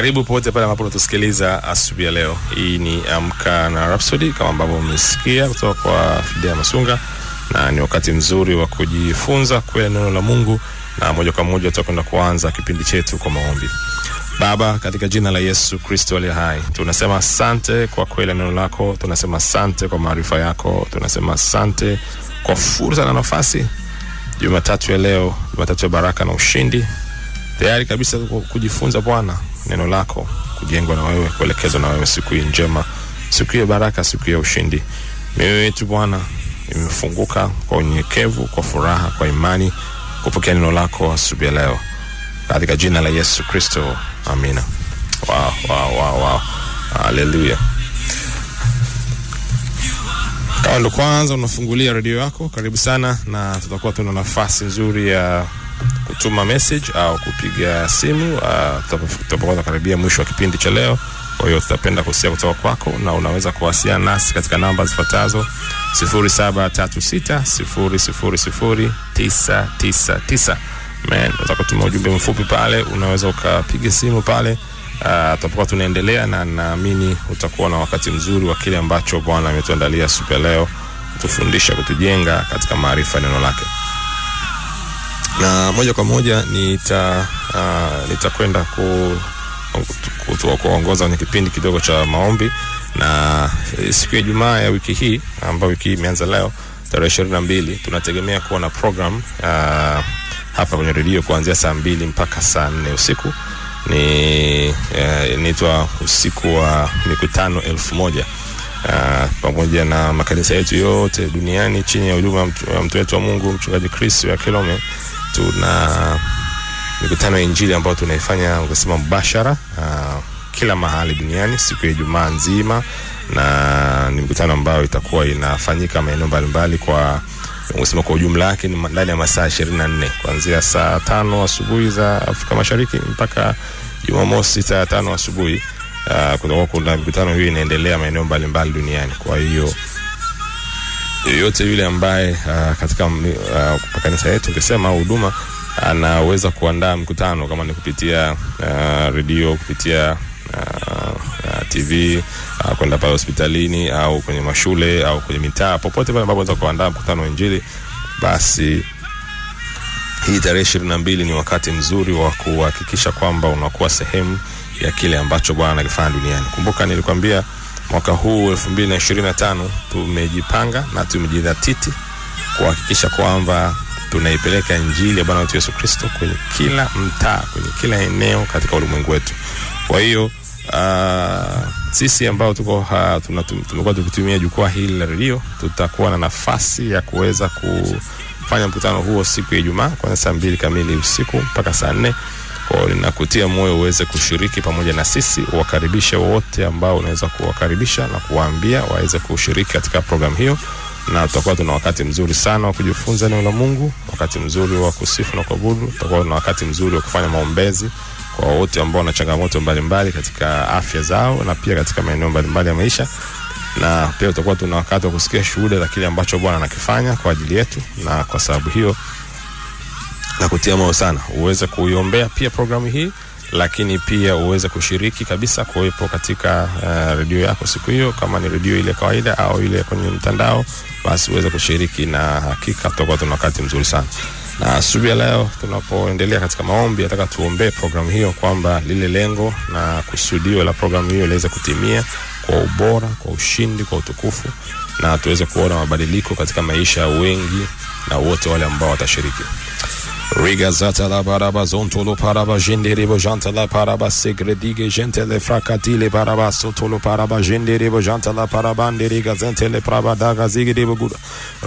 Karibu popote pale ambapo unatusikiliza asubuhi ya leo. Hii ni Amka na Rhapsody kama ambavyo umesikia kutoka kwa Fidia Masunga, na ni wakati mzuri wa kujifunza kwa neno la Mungu, na moja kwa moja tutakwenda kuanza kipindi chetu kwa maombi. Baba, katika jina la Yesu Kristo aliye hai, tunasema asante kwa kweli neno lako, tunasema asante kwa maarifa yako, tunasema asante kwa fursa na nafasi Jumatatu ya leo, Jumatatu ya baraka na ushindi tayari kabisa kujifunza Bwana neno lako, kujengwa na wewe, kuelekezwa na wewe, siku hii njema, siku ya baraka, siku ya ushindi. Mioyo yetu Bwana imefunguka kwa unyenyekevu, kwa furaha, kwa imani kupokea neno lako asubuhi ya leo katika jina la Yesu Kristo, amina. Wow, wow, wow, wow. Haleluya. Kama ndo kwanza unafungulia redio yako, karibu sana, na tutakuwa tuna nafasi nzuri ya kutuma message au kupiga simu uh, tutapokuwa tutapokwa karibia mwisho wa kipindi cha leo. Kwa hiyo tutapenda kusikia kutoka kwako, na unaweza kuwasiliana nasi katika namba zifuatazo 0736000999. Man, Unaweza kutuma ujumbe mfupi pale, unaweza ukapiga simu pale. Uh, tutapokuwa tunaendelea na naamini utakuwa na wakati mzuri wa kile ambacho Bwana ametuandalia siku ya leo, kutufundisha, kutujenga katika maarifa neno lake na moja kwa moja nita uh, nitakwenda ku kuongoza kwenye kipindi kidogo cha maombi na e, siku ya Ijumaa ya wiki hii ambayo wiki hii imeanza leo tarehe ishirini na mbili tunategemea kuwa na program uh, hapa kwenye redio kuanzia saa mbili mpaka saa nne usiku ni uh, inaitwa usiku wa mikutano elfu moja uh, pamoja na makanisa yetu yote duniani chini ya huduma ya mtu wetu wa Mungu mchungaji Chris wa Kilome tuna mikutano ya Injili ambayo tunaifanya ukasema mbashara uh, ah, kila mahali duniani siku ya Ijumaa nzima, na ni mkutano ambayo itakuwa inafanyika maeneo mbalimbali kwa unasema kwa ujumla yake ni ndani ya masaa 24 kuanzia saa tano asubuhi za Afrika Mashariki mpaka Jumamosi saa tano asubuhi. Uh, ah, kutakuwa kuna mikutano hiyo inaendelea maeneo mbalimbali duniani, kwa hiyo yoyote yule ambaye uh, katika uh, kanisa yetu au huduma anaweza kuandaa mkutano kama ni kupitia uh, ah, redio, kupitia uh, uh, TV uh, kwenda pale hospitalini au kwenye mashule au kwenye mitaa, popote pale ambapo anaweza kuandaa mkutano wa Injili, basi hii tarehe ishirini na mbili ni wakati mzuri wa kuhakikisha kwamba unakuwa sehemu ya kile ambacho Bwana anakifanya duniani. Kumbuka nilikwambia Mwaka huu 2025 tumejipanga na tumejidhatiti kuhakikisha kwamba tunaipeleka injili ya Bwana wetu Yesu Kristo kwenye kila mtaa, kwenye kila eneo katika ulimwengu wetu. Kwa hiyo uh, sisi ambao tuko tumekuwa tukitumia jukwaa hili la redio, tutakuwa na nafasi ya kuweza kufanya mkutano huo siku ya Ijumaa kwanza saa mbili kamili usiku mpaka saa nne Kwao ninakutia moyo uweze kushiriki pamoja na sisi, uwakaribishe wote ambao unaweza kuwakaribisha na kuwaambia waweze kushiriki katika programu hiyo, na tutakuwa tuna wakati mzuri sana wa kujifunza neno la Mungu, wakati mzuri wa kusifu na kuabudu, tutakuwa tuna wakati mzuri wa kufanya maombezi kwa wote ambao wana changamoto mbalimbali katika afya zao na pia katika maeneo mbalimbali ya maisha na pia utakuwa tuna wakati wa kusikia shuhuda za kile ambacho Bwana anakifanya kwa ajili yetu, na kwa sababu hiyo na kutia moyo sana uweze kuiombea pia programu hii lakini pia uweze kushiriki kabisa kuwepo katika uh, redio yako siku hiyo, kama ni redio ile kawaida au ile kwenye mtandao, basi uweze kushiriki, na hakika tutakuwa tuna wakati mzuri sana. Na asubuhi ya leo tunapoendelea katika maombi, nataka tuombee programu hiyo kwamba lile lengo na kusudio la programu hiyo liweze kutimia kwa ubora, kwa ushindi, kwa utukufu, na tuweze kuona mabadiliko katika maisha ya wengi na wote wale ambao watashiriki. Riga la baraba zontolo paraba jenderibo la paraba segredige gente gentele fracatile paraba sotolo paraba jenderibo jantala parabande riga zentele praba daga zigiribo guda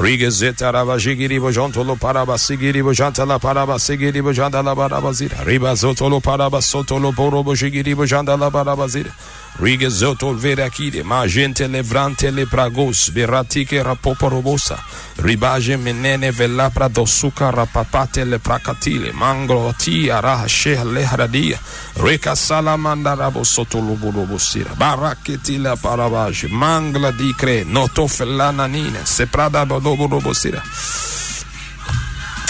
Riga zeta raba jigiribo jontolo paraba sigiribo jantala paraba sigiribo la baraba zira Riba zotolo paraba sotolo borobo jigiribo jantala paraba zira Riga zotol verakide ma gentele vrantele pragos veratike rapoporobosa Ribaje menene velapra dosuka rapapate le pra barakatile mangro tia raha sheh lehradia reka salamanda rabo soto lubulubu sira baraketila parabaj mangla dikre noto felananine seprada bodobo sira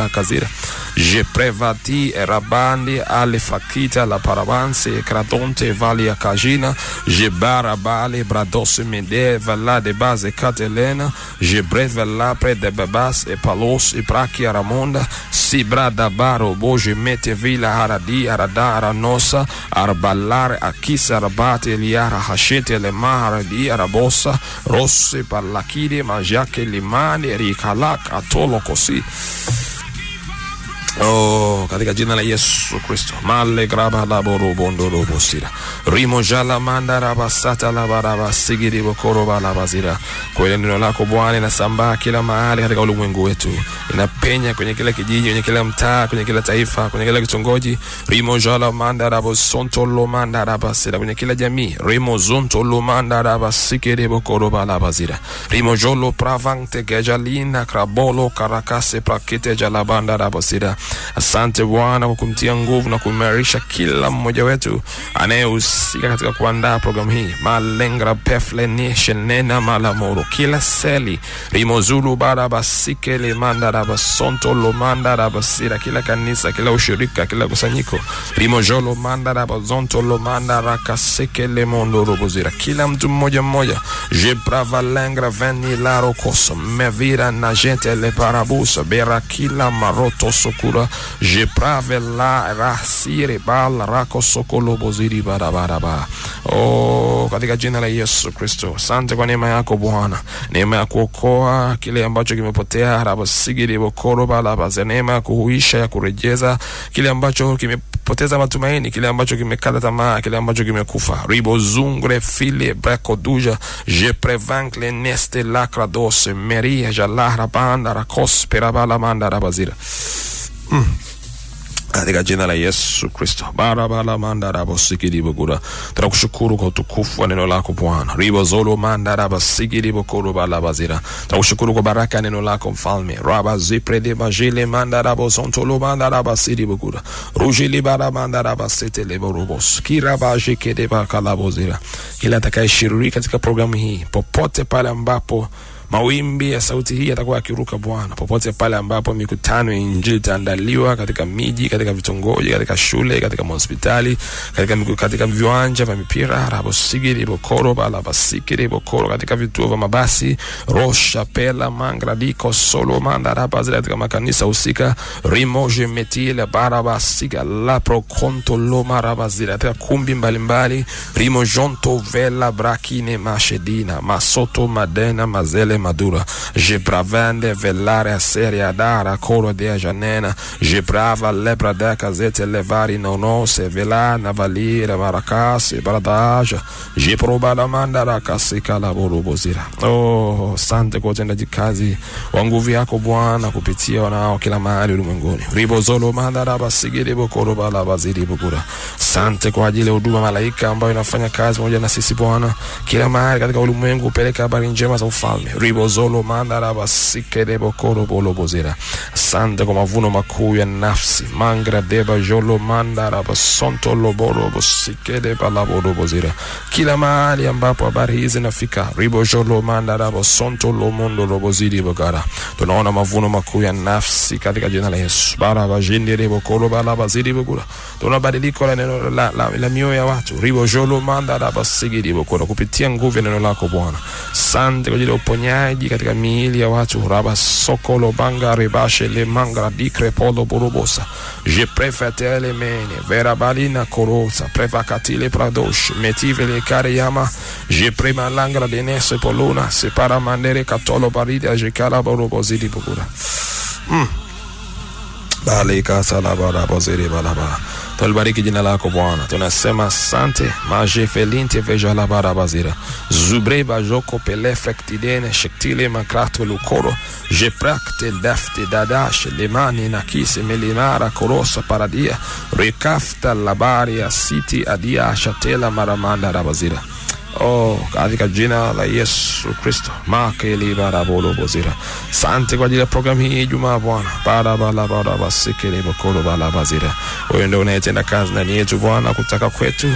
para Kazira. e Rabandi Alefakita La Parabanse Kratonte Valia Kajina Jebara barabale Bradosse Mede Vela de Base Catelena pre de Bebas e Palos e Prakia Ramonda brada baro Boje Mete Vila aradi Arada Aranosa Arbalar Akisa Rabate Liara le Lemar Di Arabossa Rosse Parlakide Majake ricalac a Atolo cosi Oh, katika jina la Yesu Kristo. Male graba la boro bondo lo bosira. Rimo jala manda raba sata la baraba sigiri bokoro bala bazira. Kwa ile neno lako Bwana inasambaa kila mahali katika ulimwengu wetu. Inapenya kwenye kila kijiji, kwenye kila mtaa, kwenye kila taifa, kwenye kila kitongoji. Rimo jala manda raba sonto lo manda raba sira kwenye kila jamii. Rimo zonto lo manda raba sigiri bokoro bala bazira. Rimo jolo pravante gejalina krabolo karakase prakite jala banda raba sira. Asante Bwana kwa kumtia nguvu na kuimarisha kila mmoja wetu anayehusika katika kuandaa programu hii malengra peflenishenena malamuru kila seli rimozulu barabasike limandarabasonto lomandarabasira kila kanisa kila ushirika kila kusanyiko rimojolo mandarabazonto lomandarakaseke lemondorobozira kila mtu mmoja mmoja je jepravalengra venilaro koso mevira le parabusa bera kila maroto soku Sura, Jepravella, Rasire, Bal, Rakosokolo, Bosiri, Barabaraba. Oh, katika jina la Yesu Kristo, asante kwa neema yako Bwana, neema ya kuokoa kile ambacho kimepotea, Rabasigiri, Bokoro, Balabaza, neema ya kuhuisha, ya kurejeza kile ambacho kimepoteza matumaini, kile ambacho kimekata tamaa, kile ambacho kimekufa. Ribo zungre file brakoduja jeprevank le neste lacra dose meria jalara banda rakospera balamanda rabazira Katika jina la Yesu Kristo barabara mandarabosikidiboura, tunakushukuru kwa utukufu wa neno lako Bwana ribozolo mandarabasikidibokurbalabazira, tunakushukuru kwa baraka ya neno lako Mfalme rabazipredemajile mandarabozontolo mandarabasidiboura rujilibara mandarabasiteleboroboskirabajikedebakalavozira, kila atakayeshiriki katika programu hii popote pale ambapo Mawimbi ya sauti hii yatakuwa yakiruka Bwana popote pale ambapo mikutano ya injili itaandaliwa, katika miji, katika vitongoji, katika shule, katika mahospitali, katika miku, katika viwanja vya mipira rabosigiri bokoro balabasikiri bokoro, katika vituo vya mabasi rosha pela mangradiko solo zile katika makanisa husika rimoje metile barabasiga laprokonto zile katika kumbi mbalimbali rimojonto vela brakine mashedina masoto madena mazele madura. Gipravende velare a seria dara coro de janena. Giprava lepra de casete levari não se na valira bradaja. baradaja. Giprobada mandara kasika la bozira. Oh, sante kwa de casi. wa nguvu yako Bwana kupitia wanao kila mahali ulimwenguni. Ribozolo mandara basigiri bokoro bala baziri bokura. Sante kwa ajili malaika ambayo inafanya kazi pamoja na sisi Bwana kila mahali katika ulimwengu upeleka habari za ufalme. ribozolo mandarabasikerebokorobozera. Asante kwa mavuno makuu ya nafsi mangra deba jolo mandarabasonto loborobosikelebalabozera, kila mahali ambapo habari hizi zinafika ribojolo mandarabasonto lomondoloboziribogara. Tunaona mavuno makuu ya nafsi katika jina la Yesu barabajindiribokorobalabaziribogura. Tuna badiliko la neno la, la, la mioyo ya watu ribojolo mandarabasigeribokora kupitia nguvu ya neno lako Bwana. Asante kwa ajili ya uponyaji ngaji katika miili ya watu raba sokolo banga rebashe le mangra di crepolo borobosa je prefete le mene vera balina corosa prefacatile pradosh metive le cariama je prema langra denese polona separa mandere catolo barida je calaborobosi di bugura mm. balika salabarabazirebalaba tunalibariki jina lako Bwana, tunasema asante maje felinte vejalabarabazira zubre bajoko pelefektidene shektile makrato lukoro jeprakte dafte dadash lemani nakise melimara korosa paradia rekafta labaria city adia shatela maramanda rabazira oh, katika jina la Yesu Kristo makelibarabulobozira. Sante kwa ajili ya programu hii Ijumaa Bwana barabarabarabasikelibokolobalabarazira. Wewe ndio unayetenda kazi ndani yetu Bwana, kutaka kwetu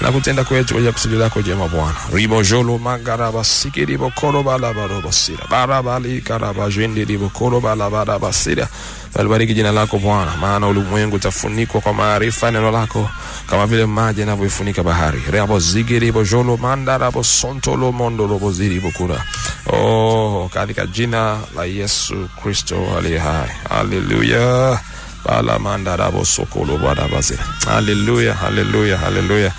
na kutenda kwetu kwa kusudi lako jema Bwana ribojolo magarabasikelibokolobalabarabaira barabalikarabajendelibokolobalabarabaira Alibariki jina lako Bwana, maana ulimwengu utafunikwa kwa maarifa neno lako kama vile maji yanavyoifunika bahari. rabo zigiri bo jolo manda rabo sonto lo mondo lo boziri bo kura Oh, katika jina la Yesu Kristo aliye hai. Haleluya. Bala manda rabo sokolo bwana basi. Haleluya, haleluya, haleluya.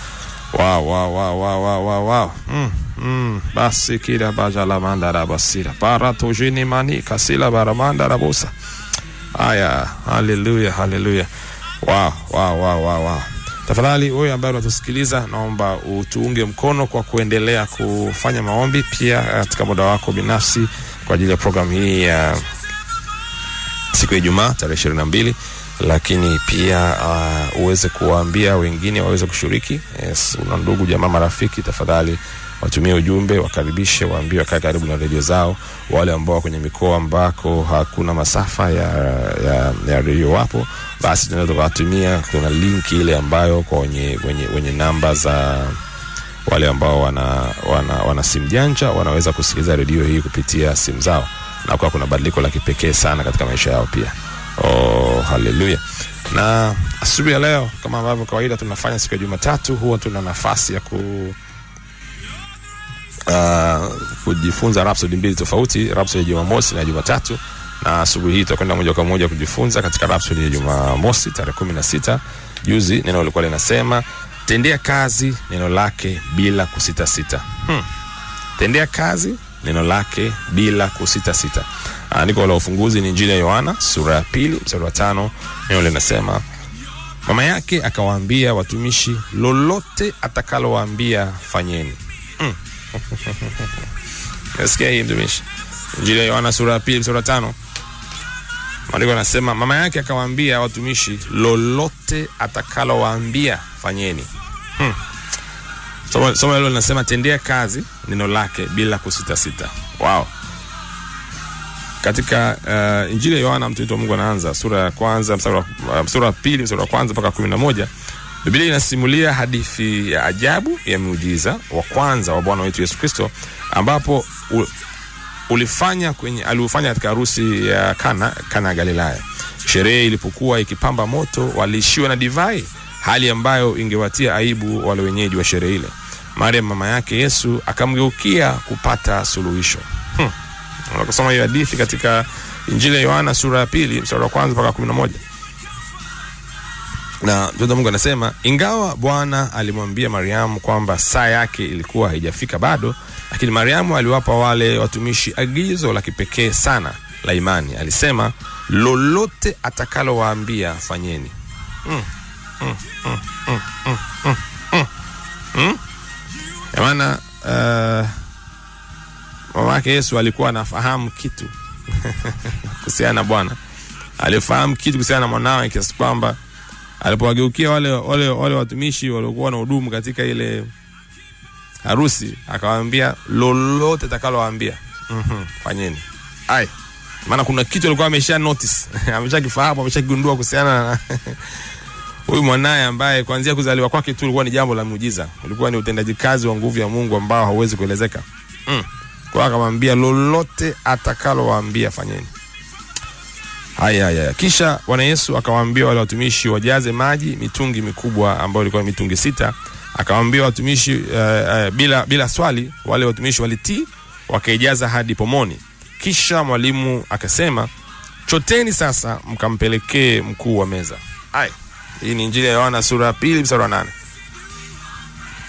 Wa wa wa wa wa wa wa. Mm. Mm, basi kira baja la manda rabasira para tojini mani kasila baramanda rabosa Haya, haleluya, haleluya. Wow, wow, wow, wow, wow. Tafadhali wewe ambaye unatusikiliza, naomba utuunge mkono kwa kuendelea kufanya maombi, pia eh, katika muda wako binafsi kwa ajili ya programu hii ya uh, siku ya Ijumaa tarehe ishirini na mbili lakini pia uh, uweze kuwaambia wengine waweze kushiriki. Yes, una ndugu, jamaa, marafiki, tafadhali watumie ujumbe, wakaribishe, waambie wakae karibu na redio zao. Wale ambao kwenye mikoa ambako hakuna masafa ya, ya, ya redio wapo, basi tunaweza tukawatumia. Kuna link ile ambayo kwa wenye, wenye, wenye namba za wale ambao wana, wana, wana simu janja wanaweza kusikiliza redio hii kupitia simu zao, na kwa kuna badiliko la kipekee sana katika maisha yao pia. Oh, haleluya! Na asubuhi ya leo kama ambavyo kawaida tunafanya siku ya Jumatatu, huwa tuna nafasi ya ku uh, kujifunza Rhapsody mbili tofauti, Rhapsody ya Jumamosi na Jumatatu, na asubuhi hii tutakwenda moja kwa moja kujifunza katika Rhapsody ya Jumamosi tarehe 16. Juzi neno lilikuwa linasema tendea kazi neno lake bila kusita sita. Hmm. Tendea kazi neno lake bila kusita sita. Andiko ah, la ufunguzi ni Injili ya Yohana sura ya pili mstari wa tano. Neno linasema mama yake akawaambia watumishi, lolote atakalowaambia fanyeni. Hmm. Nasikia hii mtumishi. Injili ya Yohana sura ya pili sura tano maandiko anasema, mama yake akawaambia watumishi, lolote atakalowaambia fanyeni. Hmm. Somo somo hilo linasema tendea kazi neno lake bila kusitasita. Wow. Katika uh, Injili ya Yohana mtu wa Mungu anaanza sura ya kwanza mstari wa uh, sura ya pili mstari kwanza mpaka 11 Biblia inasimulia hadithi ya ajabu ya miujiza wa kwanza wa Bwana wetu Yesu Kristo ambapo ulifanya kwenye aliufanya katika harusi ya Kana, Kana ya Galilaya. Sherehe ilipokuwa ikipamba moto, waliishiwa na divai, hali ambayo ingewatia aibu wale wenyeji wa sherehe ile. Mariam mama yake Yesu akamgeukia kupata suluhisho. Hmm. Unakosoma hiyo hadithi katika Injili ya Yohana sura ya pili mstari wa kwanza mpaka 11 na mtoto Mungu anasema ingawa Bwana alimwambia Mariamu kwamba saa yake ilikuwa haijafika bado, lakini Mariamu aliwapa wale watumishi agizo la kipekee sana la imani. Alisema, lolote atakalowaambia fanyeni. amana mama yake Yesu alikuwa anafahamu kitu kuhusiana na Bwana, alifahamu kitu kuhusiana na mwanawe kiasi kwamba Alipowageukia wale wale wale watumishi waliokuwa na hudumu katika ile harusi, akawaambia lolote atakalowaambia mm fanyeni ai, maana kuna kitu alikuwa amesha notice ameshakifahamu ameshakigundua kuhusiana na huyu mwanaye ambaye kuanzia kuzaliwa kwake tu ilikuwa ni jambo la muujiza, ulikuwa ni utendaji kazi wa nguvu ya Mungu ambao hauwezi kuelezeka mm. Kwa akamwambia lolote atakalowaambia fanyeni. Aya, aya. Kisha Bwana Yesu akawaambia wale watumishi wajaze maji mitungi mikubwa ambayo ilikuwa ni mitungi sita. Akawaambia watumishi uh, uh, bila, bila swali wale watumishi walitii wakaijaza hadi pomoni. Kisha mwalimu akasema, choteni sasa mkampelekee mkuu wa meza. Aya, hii ni Injili ya Yohana sura ya pili mstari wa nane.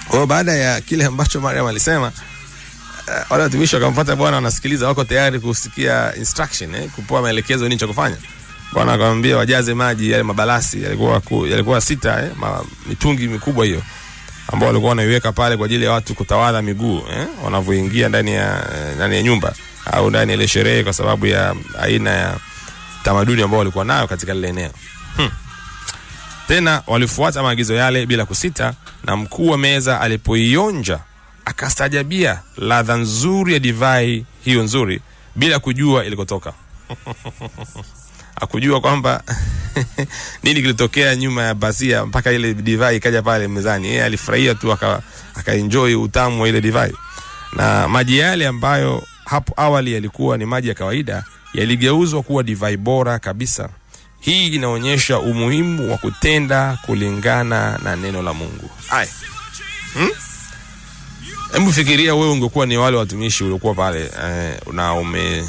Kwa hiyo baada ya kile ambacho Mariam alisema Eh, wale watumishi wakamfuata bwana, wanasikiliza wako tayari kusikia instruction eh, kupoa maelekezo nini cha kufanya. Bwana akamwambia wajaze maji yale mabalasi yalikuwa ku, yalikuwa sita eh, ma, mitungi mikubwa hiyo ambao walikuwa wanaiweka pale kwa ajili ya watu kutawadha miguu eh, wanavyoingia ndani ya eh, ndani ya nyumba au ndani ile sherehe, kwa sababu ya aina ya tamaduni ambao walikuwa nayo katika lile eneo hmm. Tena walifuata maagizo yale bila kusita, na mkuu wa meza alipoionja akastaajabia ladha nzuri ya divai hiyo nzuri bila kujua ilikotoka. akujua kwamba nini kilitokea nyuma ya basia mpaka ile divai ikaja pale mezani. Yeye alifurahia tu akaenjoy aka utamu wa ile divai, na maji yale ambayo hapo awali yalikuwa ni maji ya kawaida yaligeuzwa kuwa divai bora kabisa. Hii inaonyesha umuhimu wa kutenda kulingana na neno la Mungu. Aya. Hmm? Hebu fikiria wewe ungekuwa ni wale watumishi uliokuwa pale eh, na ume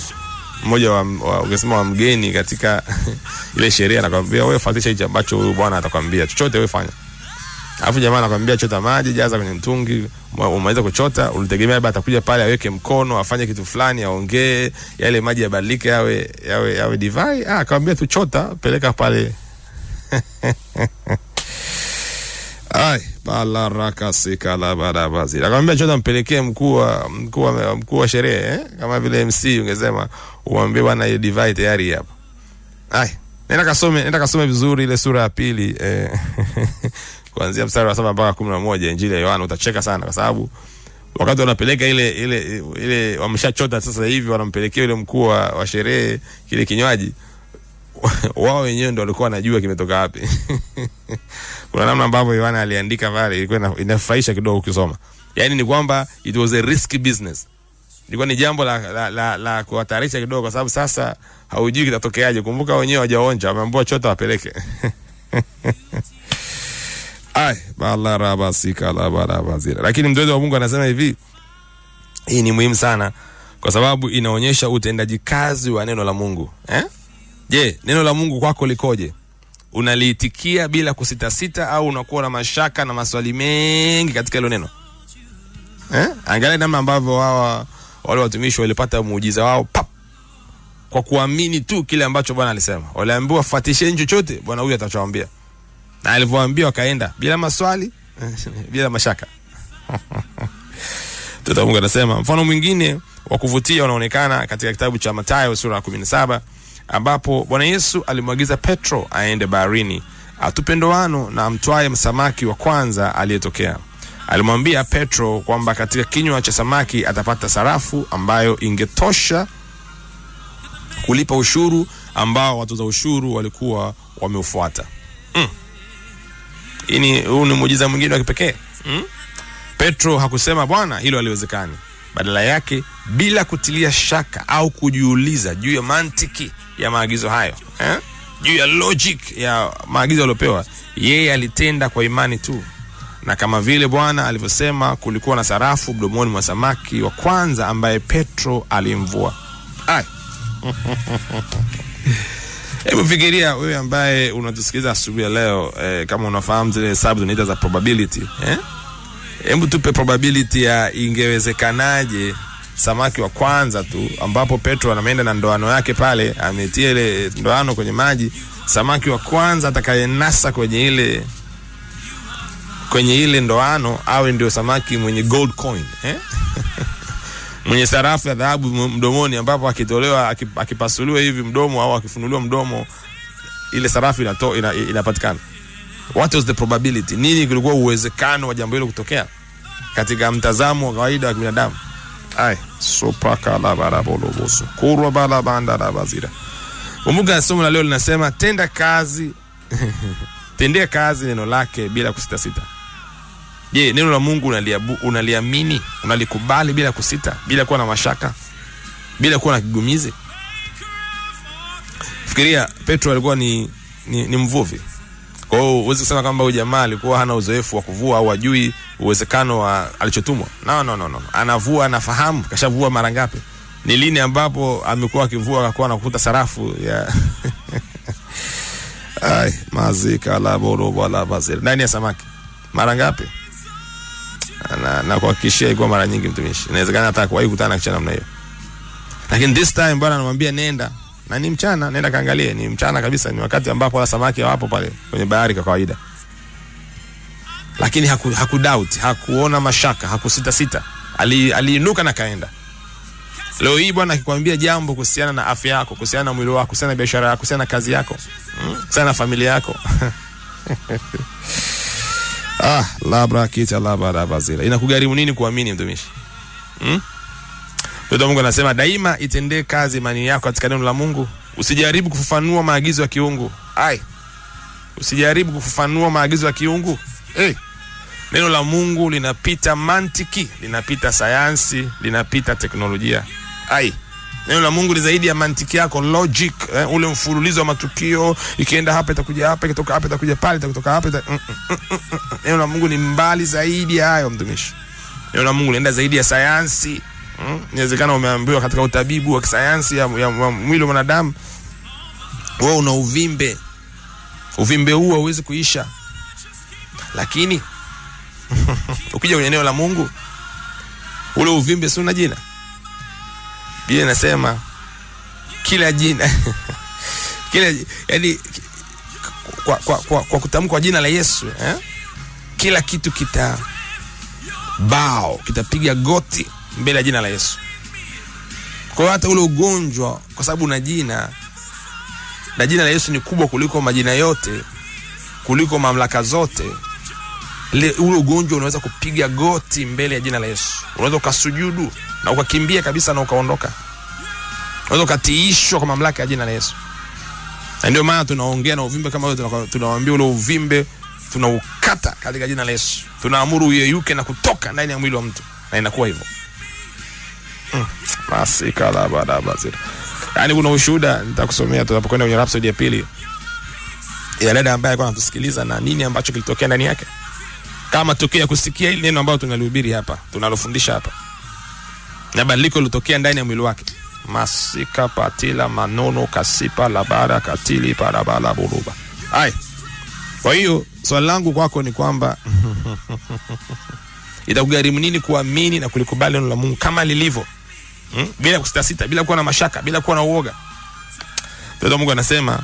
mmoja wa, wa ungesema wa mgeni katika ile sheria, anakwambia wewe fuatisha hicho ambacho huyu bwana atakwambia, chochote wewe fanya. Alafu jamaa anakwambia chota maji, jaza kwenye mtungi, umaweza kuchota, ulitegemea labda atakuja pale aweke mkono, afanye kitu fulani, aongee, yale maji yabadilike yawe yawe yawe divai. Ah, akamwambia tu chota, peleka pale Ai, bala raka sika la bada bazi. Akamwambia chota mpelekee mkuu wa mkuu wa mkuu wa sherehe eh? Kama vile MC ungesema uambie bwana hiyo divai tayari hapo Ai, nenda kasome, nenda kasome vizuri ile sura ya pili eh, kuanzia mstari wa saba mpaka kumi na moja Injili ya Yohana utacheka sana kwa sababu wakati wanapeleka ile ile ile wameshachota sasa hivi wanampelekea ile mkuu wa sherehe kile kinywaji wao wenyewe ndo walikuwa wanajua kimetoka wapi. Kuna namna ambavyo Yohana aliandika pale, ilikuwa inafurahisha kidogo ukisoma, Yaani ni kwamba it was a risky business. Ilikuwa ni jambo la la, la, la kuhatarisha kidogo, kwa sababu sasa haujui kitatokeaje. Kumbuka wenyewe hawajaonja, wameambiwa chota wapeleke. Ai, bala raba sika la bala bazira. Lakini mtoto wa Mungu anasema hivi, hii ni muhimu sana kwa sababu inaonyesha utendaji kazi wa neno la Mungu eh? Je, neno la Mungu kwako likoje? Unaliitikia bila kusitasita au unakuwa na mashaka na maswali mengi katika hilo neno eh? Angalia namna ambavyo hawa wale watumishi walipata muujiza wao pap, kwa kuamini tu kile ambacho Bwana alisema. Waliambiwa fatisheni chochote, Bwana huyu atachowaambia, na alivyoambia wakaenda bila maswali bila mashaka Mungu anasema mfano mwingine wa kuvutia unaonekana katika kitabu cha matayo sura ya 17 ambapo Bwana Yesu alimwagiza Petro aende baharini atupe ndoano na amtwaye msamaki wa kwanza aliyetokea. Alimwambia Petro kwamba katika kinywa cha samaki atapata sarafu ambayo ingetosha kulipa ushuru ambao watoza ushuru walikuwa wameufuata. Mm. Huu ni muujiza mwingine wa kipekee. Mm? Petro hakusema Bwana, hilo haliwezekani. Badala yake, bila kutilia shaka au kujiuliza juu ya mantiki ya maagizo hayo eh, juu ya logic ya maagizo aliyopewa yeye, alitenda kwa imani tu, na kama vile Bwana alivyosema, kulikuwa na sarafu mdomoni mwa samaki wa kwanza ambaye Petro alimvua. Hebu fikiria wewe ambaye unatusikiliza asubuhi ya leo eh, kama unafahamu zile hesabu zinaita za probability eh? Hebu tupe probability ya ingewezekanaje samaki wa kwanza tu ambapo Petro anaenda na ndoano yake pale, ametia ile ndoano kwenye maji, samaki wa kwanza atakayenasa kwenye ile kwenye ile ndoano awe ndio samaki mwenye gold coin eh? mwenye sarafu ya dhahabu mdomoni, ambapo akitolewa akipasuliwa hivi mdomo au akifunuliwa mdomo ile sarafu inapatikana. What was the probability? Nini kulikuwa uwezekano wa jambo hilo kutokea? katika mtazamo wa kawaida wa kibinadamu. Ai, umuga somo la leo linasema tenda kazi tendea kazi neno lake bila kusita sita Je, neno la Mungu unaliabu, unaliamini unalikubali bila kusita, bila kuwa na mashaka, bila kuwa na kigumizi? Fikiria Petro alikuwa ni, ni, ni mvuvi. Kwa hiyo uweze kusema kwamba huyu jamaa alikuwa hana uzoefu wa kuvua au ajui uwezekano wa alichotumwa. No, no, no, no. Anavua, anafahamu kashavua mara ngapi. Ni lini ambapo amekuwa akivua akakuwa anakuta sarafu ya Ai, mazika la borobo la bazir. Ndani ya samaki. Mara ngapi? Na na kuhakikishia iko mara nyingi mtumishi. Inawezekana hata kuwahi kutana na namna hiyo. Lakini this time bwana anamwambia nenda na ni mchana, nenda kaangalie, ni mchana kabisa, ni wakati ambapo wala samaki hawapo pale kwenye bahari kwa kawaida lakini haku, haku doubt, hakuona mashaka, hakusita sita, aliinuka ali na kaenda. Leo hii bwana akikwambia jambo kuhusiana na afya yako, kuhusiana na mwili wako, kuhusiana na biashara yako, kuhusiana na kazi yako, hmm? kuhusiana mm, na familia yako ah, labra kita labra bazira, inakugharimu nini kuamini mtumishi? mm? Mtoto wa Mungu anasema daima itendee kazi imani yako katika neno la Mungu, usijaribu kufafanua maagizo ya kiungu. Ai, usijaribu kufafanua maagizo ya kiungu. Eh. Hey. Neno la Mungu linapita mantiki, linapita sayansi, linapita teknolojia. Ai, neno la Mungu ni zaidi ya mantiki yako logic, eh, ule mfululizo wa matukio, ikienda hapa itakuja hapa, ikitoka hapa itakuja pale, itakutoka hapa ita... Mm, mm, mm, mm, mm. Neno la Mungu ni mbali zaidi ya hayo, mtumishi. Neno la Mungu linaenda zaidi ya sayansi. Mm. Inawezekana mm, umeambiwa katika utabibu wa kisayansi ya, ya, ya mwili wa mwanadamu, wewe una uvimbe. Uvimbe huu hauwezi kuisha, lakini Ukija kwenye eneo la Mungu ule uvimbe si una jina. Biblia inasema kila jina kila yani, kwa, kwa, kwa, kwa kutamkwa jina la Yesu eh? Kila kitu kita bao kitapiga goti mbele ya jina la Yesu. Kwa hiyo hata ule ugonjwa, kwa sababu na jina na jina la Yesu ni kubwa kuliko majina yote, kuliko mamlaka zote le, ule ugonjwa unaweza kupiga goti mbele ya jina la Yesu. Unaweza ukasujudu na ukakimbia kabisa na ukaondoka. Unaweza ukatiishwa kwa mamlaka ya jina la Yesu. Na ndio maana tunaongea na uvimbe kama wewe, tunawaambia ule uvimbe tunaukata katika jina la Yesu. Tunaamuru uyeyuke na kutoka ndani ya mwili wa mtu na inakuwa hivyo. Mm. Yaani kuna ushuhuda nitakusomea tunapokwenda kwenye Rhapsodi ya pili ya dada ambaye alikuwa anatusikiliza na nini ambacho kilitokea ndani yake kama matokeo ya kusikia ile neno ambalo tunalihubiri hapa, tunalofundisha hapa, na badiliko lilotokea ndani ya mwili wake masika patila manono kasipa labara katili parabala buruba hai. Kwa hiyo swali langu kwako ni kwamba itakugharimu nini kuamini na kulikubali neno la Mungu kama lilivyo, hmm? bila kusita sita, bila kuwa na mashaka, bila kuwa na uoga. Mtoto Mungu anasema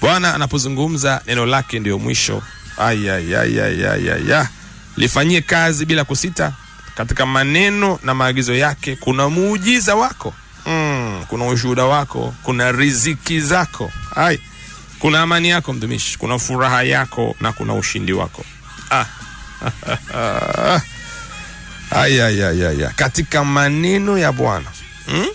Bwana anapozungumza neno lake ndio mwisho ayayayayaya, lifanyie kazi bila kusita katika maneno na maagizo yake. Kuna muujiza wako mm, kuna ushuhuda wako, kuna riziki zako ay kuna amani yako mtumishi, kuna furaha yako na kuna ushindi wako ah. Ayayayaya, katika maneno ya Bwana mm?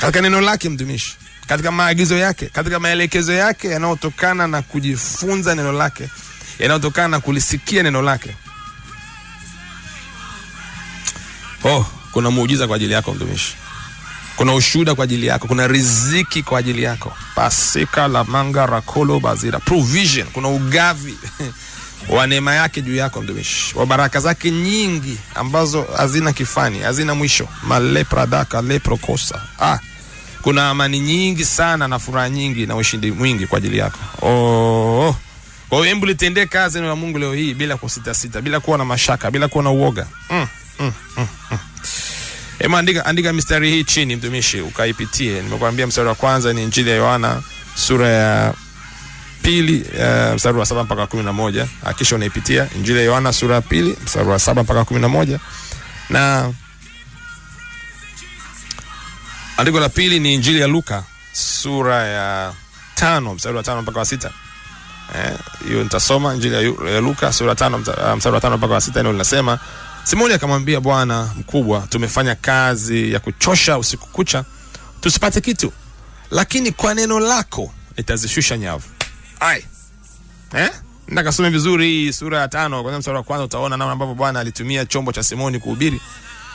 Katika neno lake mtumishi, katika maagizo yake, katika maelekezo yake yanayotokana na kujifunza neno lake yanayotokana na kulisikia neno lake. Oh, kuna muujiza kwa ajili yako mtumishi, kuna ushuhuda kwa ajili yako, kuna riziki kwa ajili yako. pasika la manga rakolo bazira provision, kuna ugavi wa neema yake juu yako mtumishi, wa baraka zake nyingi ambazo hazina kifani, hazina mwisho. malepradaka leprokosa ah, kuna amani nyingi sana na furaha nyingi na ushindi mwingi kwa ajili yako oh. Kwa hiyo hebu litendee kazi neno la Mungu leo hii bila kusita sita, bila kuwa na mashaka, bila kuwa na uoga. Mm, mm, mm, mm. Ema andika, andika mistari hii chini mtumishi ukaipitie. Nimekwambia mstari wa kwanza ni Injili ya Yohana sura ya pili uh, mstari wa saba mpaka kumi na moja. Hakisha unaipitia Injili ya Yohana sura ya pili mstari wa saba mpaka kumi na moja na andiko la pili ni Injili ya Luka sura ya tano mstari wa tano mpaka wa sita hiyo eh, nitasoma Injili ya Luka sura tano 5 mstari wa 5 mpaka sita neno linasema Simoni akamwambia Bwana mkubwa, tumefanya kazi ya kuchosha usiku kucha tusipate kitu, lakini kwa neno lako itazishusha nyavu. Ai, eh nakasome vizuri sura ya tano kwanza mstari wa kwanza, utaona namna ambavyo Bwana alitumia chombo cha Simoni kuhubiri,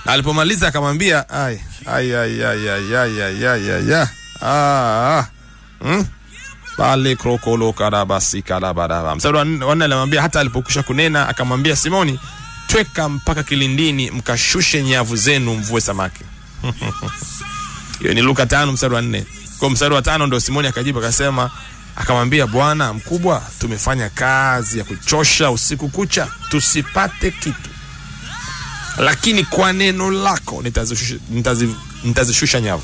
na alipomaliza akamwambia ai ai ai ai ai ai ai ai ai ah, ah. Hmm? pale krokolo karabasi karabaraba. wanne alimwambia hata alipokwisha kunena akamwambia Simoni, tweka mpaka kilindini, mkashushe nyavu zenu, mvue samaki. Hiyo ni Luka tano mstari wa nne. Kwa mstari wa tano ndo Simoni akajibu akasema, akamwambia Bwana mkubwa, tumefanya kazi ya kuchosha usiku kucha tusipate kitu, lakini kwa neno lako nitazishusha nitazi, nitazi nyavu.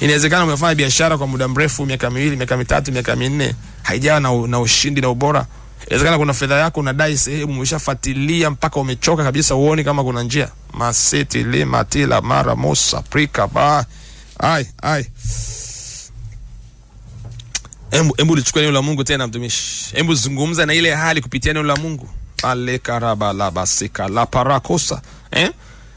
Inawezekana umefanya biashara kwa muda mrefu, miaka miwili, miaka mitatu, miaka minne, haijawa na, na ushindi na ubora. Inawezekana kuna fedha yako unadai sehemu, umeshafuatilia mpaka umechoka kabisa, uoni kama kuna njia. Masiti lima tila mara mosa prika ba ai ai Embu, embu lichukua neno la Mungu tena mtumishi. Embu zungumza na ile hali kupitia neno la Mungu. Alekarabalabasika la parakosa eh?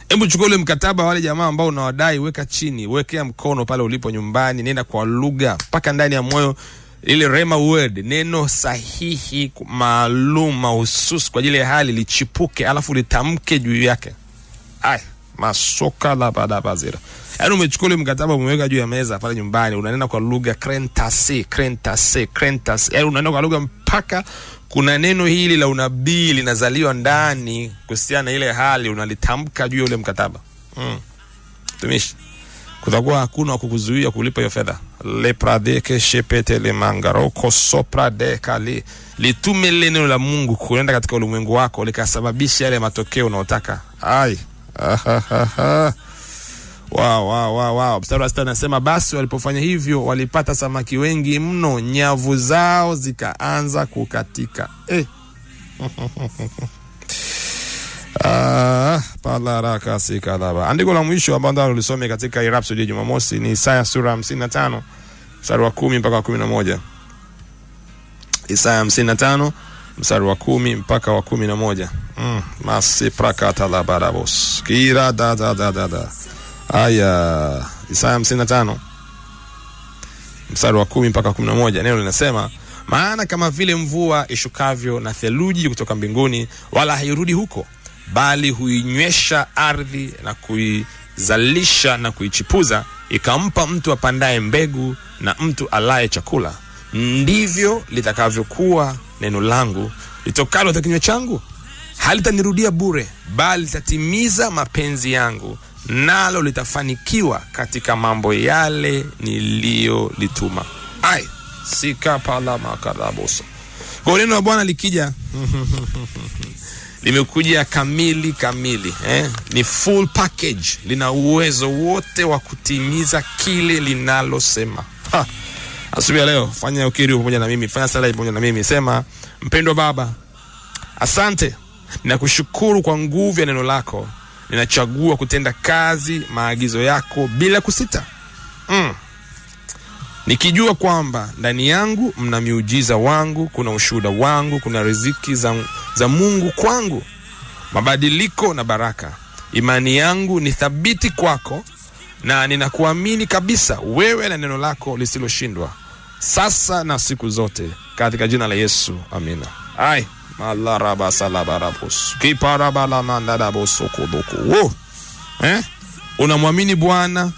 Hebu chukua ule mkataba wale jamaa ambao unawadai, weka chini, wekea mkono pale ulipo nyumbani, nenda kwa lugha mpaka ndani ya moyo, ile rema word, neno sahihi maalum mahususi kwa ajili ya hali lichipuke, alafu litamke juu yake. Ay, masoka la Yaani umechukua ule mkataba umeweka juu ya meza pale nyumbani, unanena kwa lugha krentasi krentasi krentasi, yaani unanena kwa lugha mpaka kuna neno hili la unabii linazaliwa ndani kuhusiana na ile hali unalitamka juu ya ule mkataba mm. Tumishi, kutakuwa hakuna wa kukuzuia kulipa hiyo fedha lepradekshepetelemngarokosopradekali litume lile neno la Mungu kuenda katika ulimwengu wako likasababisha yale matokeo unaotaka ai ah, ah, ah, Wow, wow, wow, wow. Mstari wa sita anasema basi walipofanya hivyo walipata samaki wengi mno, nyavu zao zikaanza kukatika. Eh. Ah, andiko la mwisho ambalo ulisome katika Irapsodi ya Jumamosi ni Isaya sura 55 mstari wa 10 mpaka wa 11. Isaya 55 mstari wa kumi mpaka wa kumi na moja. Mm, masiprakatalabaraboskira da da da da da aya Isaya 55 mstari wa 10 mpaka 11, neno linasema maana kama vile mvua ishukavyo na theluji kutoka mbinguni, wala hairudi huko, bali huinywesha ardhi na kuizalisha na kuichipuza, ikampa mtu apandaye mbegu na mtu alaye chakula, ndivyo litakavyokuwa neno langu litokalo katika kinywa changu; halitanirudia bure, bali litatimiza mapenzi yangu nalo litafanikiwa katika mambo yale niliyolituma. ai makarabosa kwa neno la Bwana likija limekuja kamili kamili eh? Ni full package, lina uwezo wote wa kutimiza kile linalosema. Asubuhi leo fanya ukiri pamoja na mimi, fanya sala pamoja na mimi, sema: mpendwa Baba, asante na kushukuru kwa nguvu ya neno lako ninachagua kutenda kazi maagizo yako bila kusita mm. Nikijua kwamba ndani yangu mna miujiza wangu, kuna ushuhuda wangu, kuna riziki za, za Mungu kwangu, mabadiliko na baraka. Imani yangu ni thabiti kwako, na ninakuamini kabisa wewe na neno lako lisiloshindwa, sasa na siku zote, katika jina la Yesu, amina. Aye. Eh? Unamwamini Bwana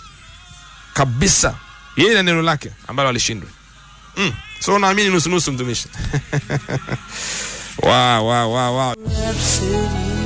kabisa, yeye na neno lake ambalo alishindwe. Mm. So unaamini nusunusu mtumishi. Wow, wow, wow, wow.